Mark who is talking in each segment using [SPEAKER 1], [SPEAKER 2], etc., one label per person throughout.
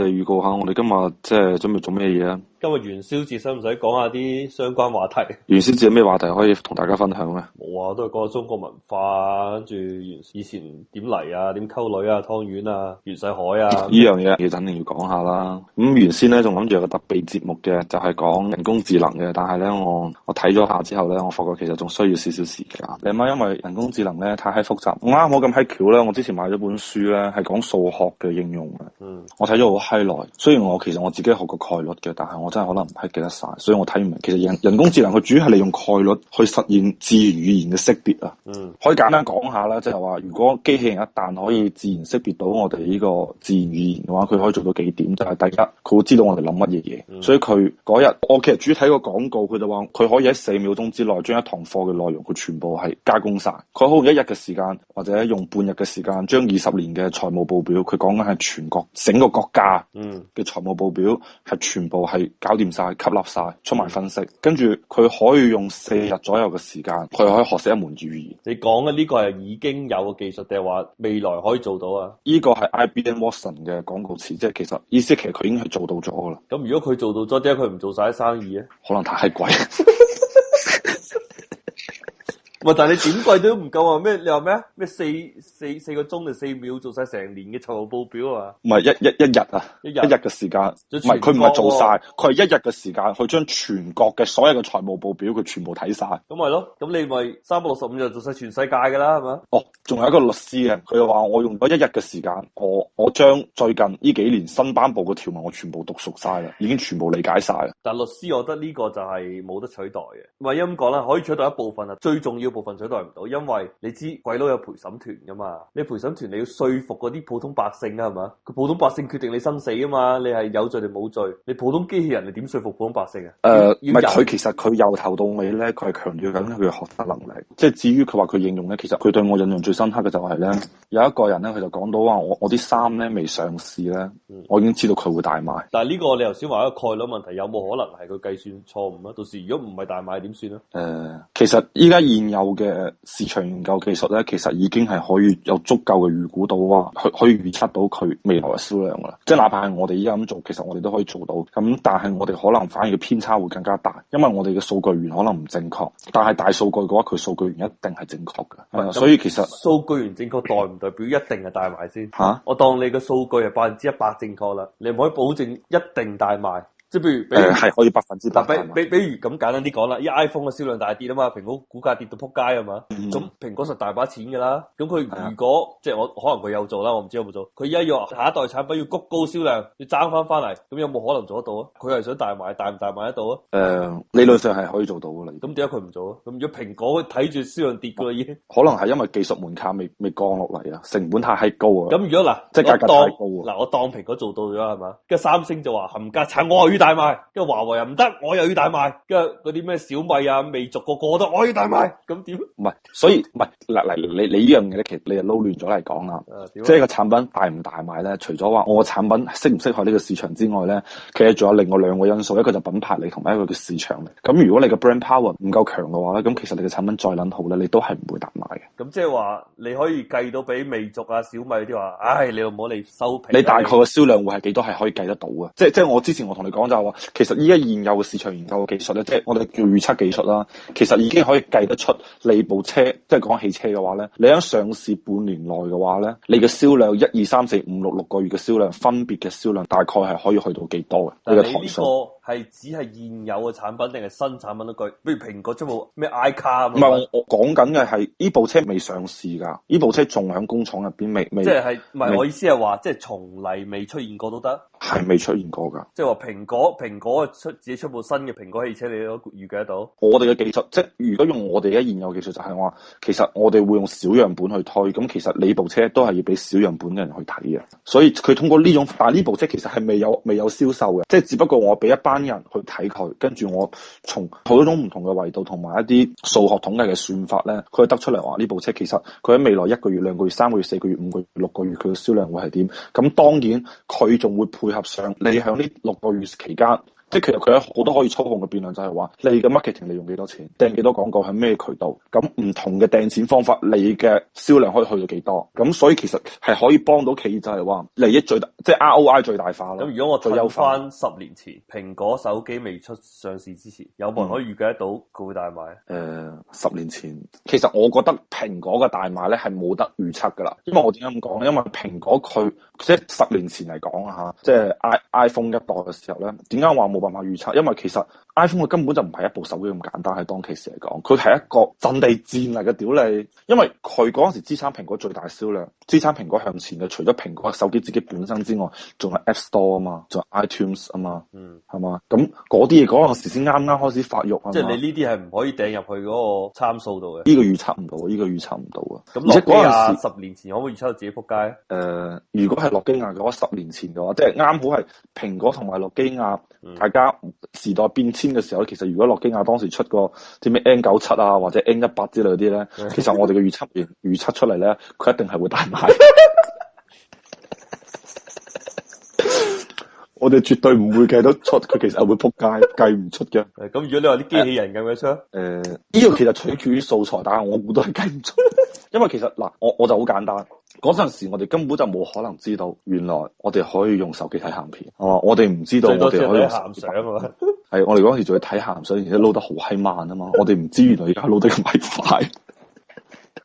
[SPEAKER 1] 嚟預告下我哋，我哋今日即係準備做咩嘢
[SPEAKER 2] 啊？今日元宵節，使唔使講下啲相關話題？
[SPEAKER 1] 元宵節有咩話題可以同大家分享咧？
[SPEAKER 2] 冇啊，都係講中國文化，跟住以前點嚟啊，點溝女啊，湯圓啊，袁世凱啊，呢樣
[SPEAKER 1] 嘢要肯定要講下啦。咁原先咧仲諗住有個特別節目嘅，就係、是、講人工智能嘅，但係咧我我睇咗下之後咧，我發覺其實仲需要少少時間。你阿媽因為人工智能咧太閪複雜，啊、我啱好咁喺橋咧，我之前買咗本書咧係講數學嘅應用嘅，嗯，我睇咗好。係內，雖然我其實我自己學過概率嘅，但係我真係可能唔係記得晒，所以我睇唔明。其實人人工智能佢主要係利用概率去實現自然語言嘅識別啊。嗯，可以簡單講下啦，即係話如果機器人一旦可以自然識別到我哋呢個自然語言嘅話，佢可以做到幾點？就係大家，佢會知道我哋諗乜嘢嘢。所以佢嗰日我其實主要睇個廣告，佢就話佢可以喺四秒鐘之內將一堂課嘅內容佢全部係加工晒。佢可以用一日嘅時間或者用半日嘅時間將二十年嘅財務報表，佢講緊係全國整個國家。嗯，嘅財務報表係全部係搞掂晒，吸納晒，出埋分析，跟住，佢可以用四日左右嘅時間，佢可以學識一門語言。
[SPEAKER 2] 你講嘅呢個係已經有嘅技術定係話未來可以做到啊？呢
[SPEAKER 1] 個係 IBM Watson 嘅廣告詞，即係其實意思其實佢已經係做到咗噶啦。
[SPEAKER 2] 咁如果佢做到咗，點解佢唔做晒啲生意咧？
[SPEAKER 1] 可能太貴。
[SPEAKER 2] 但係你點貴都唔夠啊！咩？你話咩？咩四四四個鐘定四秒做晒成年嘅財務報表啊？唔係一
[SPEAKER 1] 一一日啊，一日嘅時間，唔係佢唔係做晒，佢係一日嘅時間去將全國嘅所有嘅財務報表佢全部睇晒。
[SPEAKER 2] 咁咪咯，咁你咪三百六十五日做晒全世界噶啦，係咪？
[SPEAKER 1] 哦，仲有一個律師啊，佢又話我用咗一日嘅時間，我我將最近呢幾年新頒布嘅條文我全部讀熟晒啦，已經全部理解晒啦。
[SPEAKER 2] 但律師，我覺得呢個就係冇得取代嘅。喂，咁講啦，可以取代一部分啊，最重要。部分取代唔到，因為你知鬼佬有陪審團噶嘛？你陪審團你要說服嗰啲普通百姓啊，係嘛？佢普通百姓決定你生死啊嘛？你係有罪定冇罪？你普通機器人你點說服普通百姓啊？誒、呃，唔係佢其
[SPEAKER 1] 實佢由頭到尾咧，佢係強調緊佢嘅學習能力。即係至於佢話佢應用咧，其實佢對我印象最深刻嘅就係、是、咧，有一個人咧，佢就講到話我我啲衫咧未上市咧，我已經知道佢會大賣。
[SPEAKER 2] 但係呢個你頭先話一個概率問題，有冇可能係佢計算錯誤啊？到時如果唔係大賣點算啊？誒、
[SPEAKER 1] 呃，其實依家現有。有嘅市場研究技術咧，其實已經係可以有足夠嘅預估到啊，去可以預測到佢未來嘅銷量噶啦。即係哪怕係我哋依家咁做，其實我哋都可以做到。咁但係我哋可能反而嘅偏差會更加大，因為我哋嘅數據源可能唔正確。但係大數據嘅話，佢數據源一定係正確嘅。所以其實數
[SPEAKER 2] 據源正確代唔代表一定係大賣先？嚇、啊！我當你嘅數據係百分之一百正確啦，你唔可以保證一定大賣。即係譬如，誒係，可以百分之百。比如比，如咁簡單啲講啦，依家 iPhone 嘅銷量大跌啊嘛，蘋果股價跌到撲街啊嘛，咁蘋果實大把錢噶啦，咁佢如果即係我可能佢有做啦，我唔知有冇做，佢依家要下一代產品要谷高銷量，要爭翻翻嚟，咁有冇可能做得到啊？佢係想大賣，大唔大賣得到啊？
[SPEAKER 1] 誒，理論上係可以做到噶啦，
[SPEAKER 2] 咁點解佢唔做啊？咁如果蘋果睇住銷量跌噶啦已經，可能係因
[SPEAKER 1] 為技術門檻未未降落嚟啊，成本太閪高啊。咁如果嗱，即係價格太嗱，
[SPEAKER 2] 我當蘋果做到咗啦，係嘛？跟住三星就話冚家鏟我、就。是大賣，跟住華為又唔得，我又要大賣，跟住嗰啲咩小米啊、魅族個個都我要大賣，咁、啊、點？唔
[SPEAKER 1] 係，所以唔係嗱嗱，你你呢樣嘢咧，其實你就撈亂咗嚟講啦。即係個產品大唔大賣咧？除咗話我個產品適唔適合呢個市場之外咧，其實仲有另外兩個因素，一個就品牌力同埋一個叫市場力。咁如果你個 brand power 唔夠強嘅話咧，咁其實你嘅產品再諗好咧，你都係唔會大賣嘅。咁
[SPEAKER 2] 即係話你可以計到俾魅族啊、小米啲話，唉、哎，你又唔好嚟收皮、啊。你大概個
[SPEAKER 1] 銷量會係幾多係可以計得到嘅？即係即係我之前我同你講。就話其實依家現有嘅市場研究嘅技術咧，即係我哋叫預測技術啦，其實已經可以計得出你部車，即係講汽車嘅話咧，你喺上市半年內嘅話咧，你嘅銷量一二三四五六六個月嘅銷量分別嘅銷量，銷量大概係可以去到幾多嘅你嘅台數？
[SPEAKER 2] 係只係現有嘅產品定係新產品都句，比如蘋果出部咩 iCar 唔係我我
[SPEAKER 1] 講緊嘅係呢部車未上市噶，呢部車仲響工廠入邊未未。即係唔係我意
[SPEAKER 2] 思係話，即係從嚟未出現過都得，
[SPEAKER 1] 係未出現過噶。即
[SPEAKER 2] 係話蘋果蘋果出自己出部新嘅蘋果汽車，而且你都預計得到。
[SPEAKER 1] 我哋嘅技術即係如果用我哋嘅現有技術就係話，其實我哋會用小樣本去推，咁其實你部車都係要俾小樣本嘅人去睇嘅。所以佢通過呢種，但係呢部車其實係未有未有銷售嘅，即係只不過我俾一班。人去睇佢，跟住我從好多種唔同嘅維度，同埋一啲數學統計嘅算法咧，佢得出嚟，話呢部車其實佢喺未來一個月、兩個月、三個月、四個月、五個月、六個月佢嘅銷量會係點？咁當然佢仲會配合上你響呢六個月期間。即係其實佢有好多可以操控嘅變量，就係話你嘅 marketing 你用幾多錢，掟幾多廣告喺咩渠道，咁唔同嘅掟錢方法，你嘅銷量可以去到幾多？咁所以其實係可以幫到企業，就係話利益最大，即係 ROI 最大化咯。咁如果我再有翻十
[SPEAKER 2] 年前，年前蘋果手機未出上市之前，
[SPEAKER 1] 有冇人可以預計得到佢、嗯、會會大賣啊？呃、十年前其實我覺得蘋果嘅大賣咧係冇得預測㗎啦。因為我點解咁講咧？因為蘋果佢即係十年前嚟講啊，即係 iPhone 一代嘅時候咧，點解話冇？冇辦法預測，因為其實 iPhone 佢根本就唔係一部手機咁簡單，喺當其時嚟講，佢係一個陣地戰嚟嘅，屌你，因為佢嗰陣時支撐蘋果最大銷量，支撐蘋果向前嘅，除咗蘋果手機自己本身之外，仲係 App Store 啊嘛，仲係 iTunes 啊嘛，嗯，係嘛？咁嗰啲嘢嗰陣時先啱啱開始發育啊、嗯、即係你呢
[SPEAKER 2] 啲係唔可以掟入去嗰個參數度嘅。呢、呢個預
[SPEAKER 1] 測唔到，呢、呢個預測唔到啊。咁、嗯，而且嗰陣時十年前可唔可以預測到自己仆街？誒、呃，如果係諾基亞嘅話，十年前嘅話，即係啱好係蘋果同埋諾基亞。嗯。大家時代變遷嘅時候，其實如果諾基亞當時出過啲咩 N 九七啊，或者 N 一八之類啲咧，其實我哋嘅預測預測出嚟咧，佢一定係會大賣。 我哋絕對唔會計得出，佢其實係會扑街，計唔出嘅。咁 如果你話啲機器人咁樣出，誒、uh, 呃，呢個其實取決於素材，但係我估都係計唔出， 因為其實嗱，我我就好簡單。嗰陣時我哋根本就冇可能知道，原來我哋可以用手機睇咸片。我哋唔知道我哋可以用咸相啊嘛。係，我哋嗰陣時仲要睇咸相，而且撈得好閪慢啊嘛。 我哋唔知原來而家撈得咁閪快。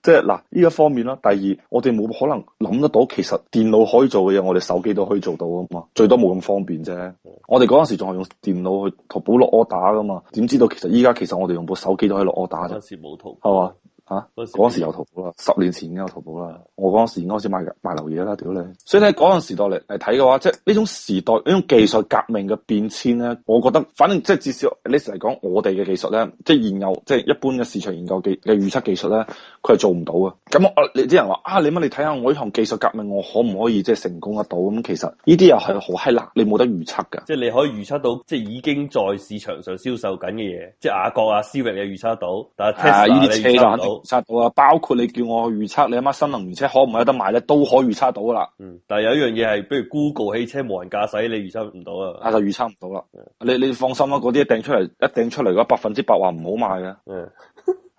[SPEAKER 1] 即係嗱，呢一方面啦。第二，我哋冇可能諗得到，其實電腦可以做嘅嘢，我哋手機都可以做到啊嘛。最多冇咁方便啫、嗯。我哋嗰陣時仲係用電腦去淘寶落 order 打噶嘛？點知道其實而家其實我哋用部手機都可以落 order 打啫。嗰陣時冇淘，係嘛？吓、啊、嗰時有淘寶啦，十年前已經有淘寶啦。我嗰時開始賣賣流嘢啦，屌你！所以咧嗰個時代嚟嚟睇嘅話，即係呢種時代呢種技術革命嘅變遷咧，我覺得反正即係至少你成日嚟講，我哋嘅技術咧，即係現有即係一般嘅市場研究嘅預測技術咧，佢係做唔到啊。咁我你啲人話啊，你乜你睇下我呢項技術革命，我可唔可以即係成功得到咁？其實呢啲又係好閪難，你冇得預測噶。
[SPEAKER 2] 即係你可以預測到，即係已經在市場上銷售緊嘅嘢，即係雅閣啊、思域你預測得到，但
[SPEAKER 1] 係 Tesla 呢啲你預測到啊！包括你叫我去預測，你阿媽新能源車可唔可以得賣咧，都可以預測到噶啦。嗯。但係有一樣嘢係，比如 Google 汽車無人駕駛，你預測唔到啊。啊、嗯，就預測唔到啦。你你放心啦，嗰啲一定出嚟，一定出嚟
[SPEAKER 2] 嘅話百分之百話唔好賣嘅。嗯。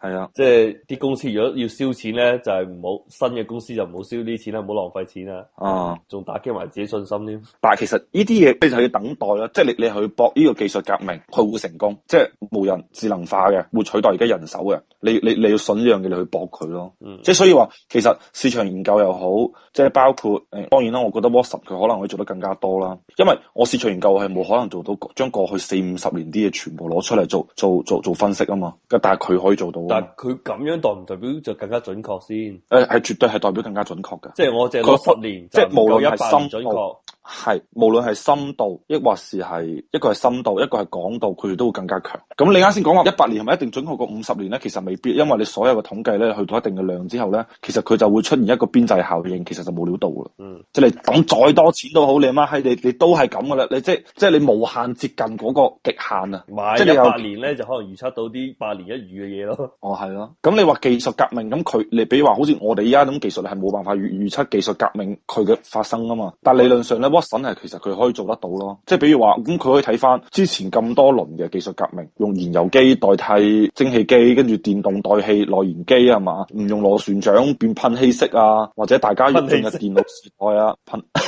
[SPEAKER 2] 係、就、啊、是，即係啲公司如果要燒錢咧，就係
[SPEAKER 1] 唔好新嘅公司就唔
[SPEAKER 2] 好燒啲錢啦，唔好浪費錢啊。仲、嗯、打擊埋自己信心添。
[SPEAKER 1] 但係其實呢啲嘢你就要等待啦，即、就、係、是、你你去搏呢個技術革命佢會成功，即、就、係、是、無人智能化嘅會取代而家人手嘅，你你你要信呢樣嘢去搏佢咯。即係所以話，其實市場研究又好，即、就、係、是、包括誒、嗯，當然啦，我覺得 Watson 佢可能可以做得更加多啦，因為我市場研究係冇可能做到將過去四五十年啲嘢全部攞出嚟做做做做分析啊嘛，但係佢可以做到。
[SPEAKER 2] 佢、嗯、咁樣代唔代表就更加準確先？
[SPEAKER 1] 誒、呃，係絕對係代表更加準確嘅。即係我淨係攞十年，嗯，即係冇一百巴仙準確。嗯嗯嗯嗯嗯係，無論係深度，抑或是係一個係深度，一個係廣度，佢哋都會更加強。咁你啱先講話一百年係咪一定準確過五十年咧？其實未必，因為你所有嘅統計咧，去到一定嘅量之後咧，其實佢就會出現一個邊際效應，其實就冇料到噶啦。嗯，即係你等再多錢都好，你阿媽閪，你你都係咁噶啦，你即係即係你無限接近嗰個極限啊！即係你八
[SPEAKER 2] 年咧，就可能預測到啲百年一遇嘅嘢咯。
[SPEAKER 1] 哦，係咯，啊。咁你話技術革命咁佢，你比如話好似我哋依家咁技術係冇辦法預預測技術革命佢嘅發生啊嘛。但係理論上咧。省係其實佢可以做得到咯，即係比如話咁，佢可以睇翻之前咁多輪嘅技術革命，用燃油機代替蒸汽機，跟住電動代替內燃機啊嘛，唔用螺旋槳變噴氣式啊，或者大家定嘅電腦時代噴噴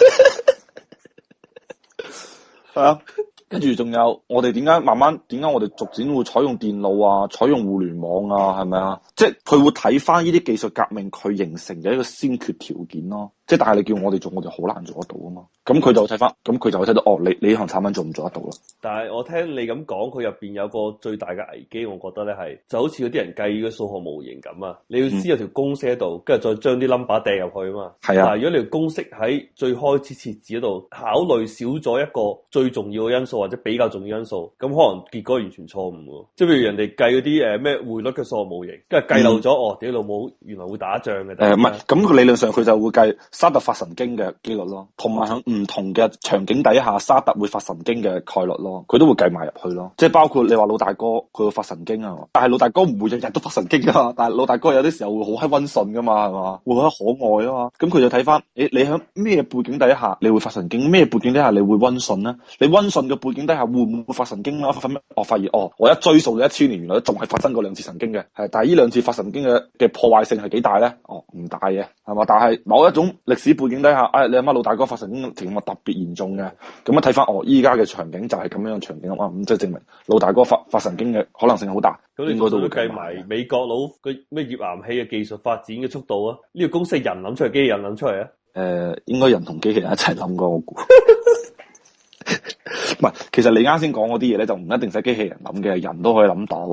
[SPEAKER 1] 啊，噴係啊，跟住仲有我哋點解慢慢點解我哋逐漸會採用電腦啊，採用互聯網啊，係咪啊？即係佢會睇翻呢啲技術革命佢形成嘅一個先決條件咯。即係，但係你叫我哋做，我就好難做得到啊嘛。咁佢就睇翻，咁佢就會睇到，哦，你你呢行產品做唔做得到啦？
[SPEAKER 2] 但係我聽你咁講，佢入邊有個最大嘅危機，我覺得咧係就好似嗰啲人計嗰個數學模型咁啊。你要先有條公式喺度，跟住再將啲 number 掟入去啊嘛。係啊。如果你條公式喺最開始設置嗰度考慮少咗一個最重要嘅因素或者比較重要嘅因素，咁可能結果完全錯誤喎。即係譬如人哋計嗰啲誒咩匯率嘅數學模型，跟住計漏咗、嗯，哦，屌老母，原來會打仗
[SPEAKER 1] 嘅。誒唔係，咁、嗯、理論上佢就會計。沙特發神經嘅幾率咯，同埋喺唔同嘅場景底下，沙特會發神經嘅概率咯，佢都會計埋入去咯。即係包括你話老大哥佢會發神經啊嘛，但係老大哥唔會日日都發神經啊嘛。但係老大哥有啲時候會好閪溫順噶嘛，係嘛，會好可愛啊嘛。咁佢就睇翻，你你喺咩背景底下你會發神經，咩背景底下你會溫順咧？你溫順嘅背景底下會唔會發神經啦、哦？我發現，哦，我一追溯咗一千年，原來仲係發生過兩次神經嘅，係，但係呢兩次發神經嘅嘅破壞性係幾大咧？哦，唔大嘅，係嘛？但係某一種。歷史背景底下，哎，你阿媽老大哥發神經嘅情況特別嚴重嘅，咁樣睇翻我依家嘅場景就係咁樣嘅場景啊，咁即係證明老大哥發發神經嘅可能性好大。咁你全部都計
[SPEAKER 2] 埋美國佬嘅咩頁岩氣嘅技術發展嘅速度啊？呢個公式人諗出嚟，機器人諗出嚟啊？
[SPEAKER 1] 誒，應該人同機器人一齊諗噶，我估，唔係， 其實你啱先講嗰啲嘢咧，就唔一定使機器人諗嘅，人都可以諗到。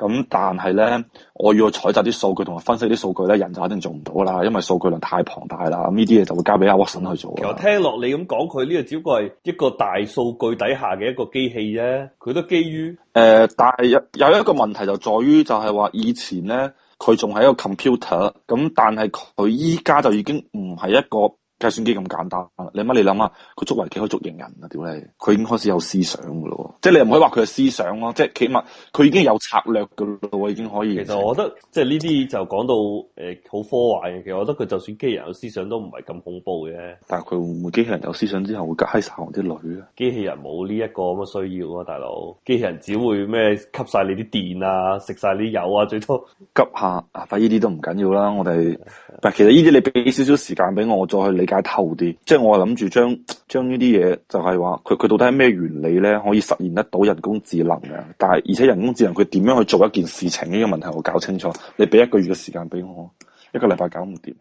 [SPEAKER 1] 咁但係咧，我要去採集啲數據同埋分析啲數據咧，人就肯定做唔到啦，因為數據量太龐大啦。咁呢啲嘢就會交俾阿 Watson 去做。其實
[SPEAKER 2] 聽落你咁講，佢呢個只不過係一個大數據底下嘅一個機器啫。佢都基於誒、呃，但係
[SPEAKER 1] 有有一個問題就在於，就係話以前咧，佢仲係一個 computer，咁但係佢依家就已經唔係一個。計算機咁簡單，你乜你諗下，佢作圍機可以足認人啊！屌你，佢已經開始有思想噶咯喎！即係你又唔可以話佢有思想咯，即係起碼佢已經有策略噶咯喎，已經可以了。其實我覺得即係呢啲就講到誒好、呃、科
[SPEAKER 2] 幻嘅。其實我覺得佢就算機器人有思想都唔係咁恐怖嘅。
[SPEAKER 1] 但係佢會唔會機器人有思想之後會搞閪晒我啲女啊！
[SPEAKER 2] 機器人冇呢一個咁嘅需要啊，大佬！機器人只會咩吸
[SPEAKER 1] 晒你啲電啊，食曬你啲油啊，最多急下啊！但呢啲都唔緊要啦，我哋唔係其實呢啲你俾少少時間俾我，我再去理。解透啲，即係我諗住將將呢啲嘢，就係話佢佢到底係咩原理咧，可以實現得到人工智能啊？但係而且人工智能佢點樣去做一件事情呢個問題，我搞清楚。你俾一個月嘅時間俾我，一個禮拜搞唔掂。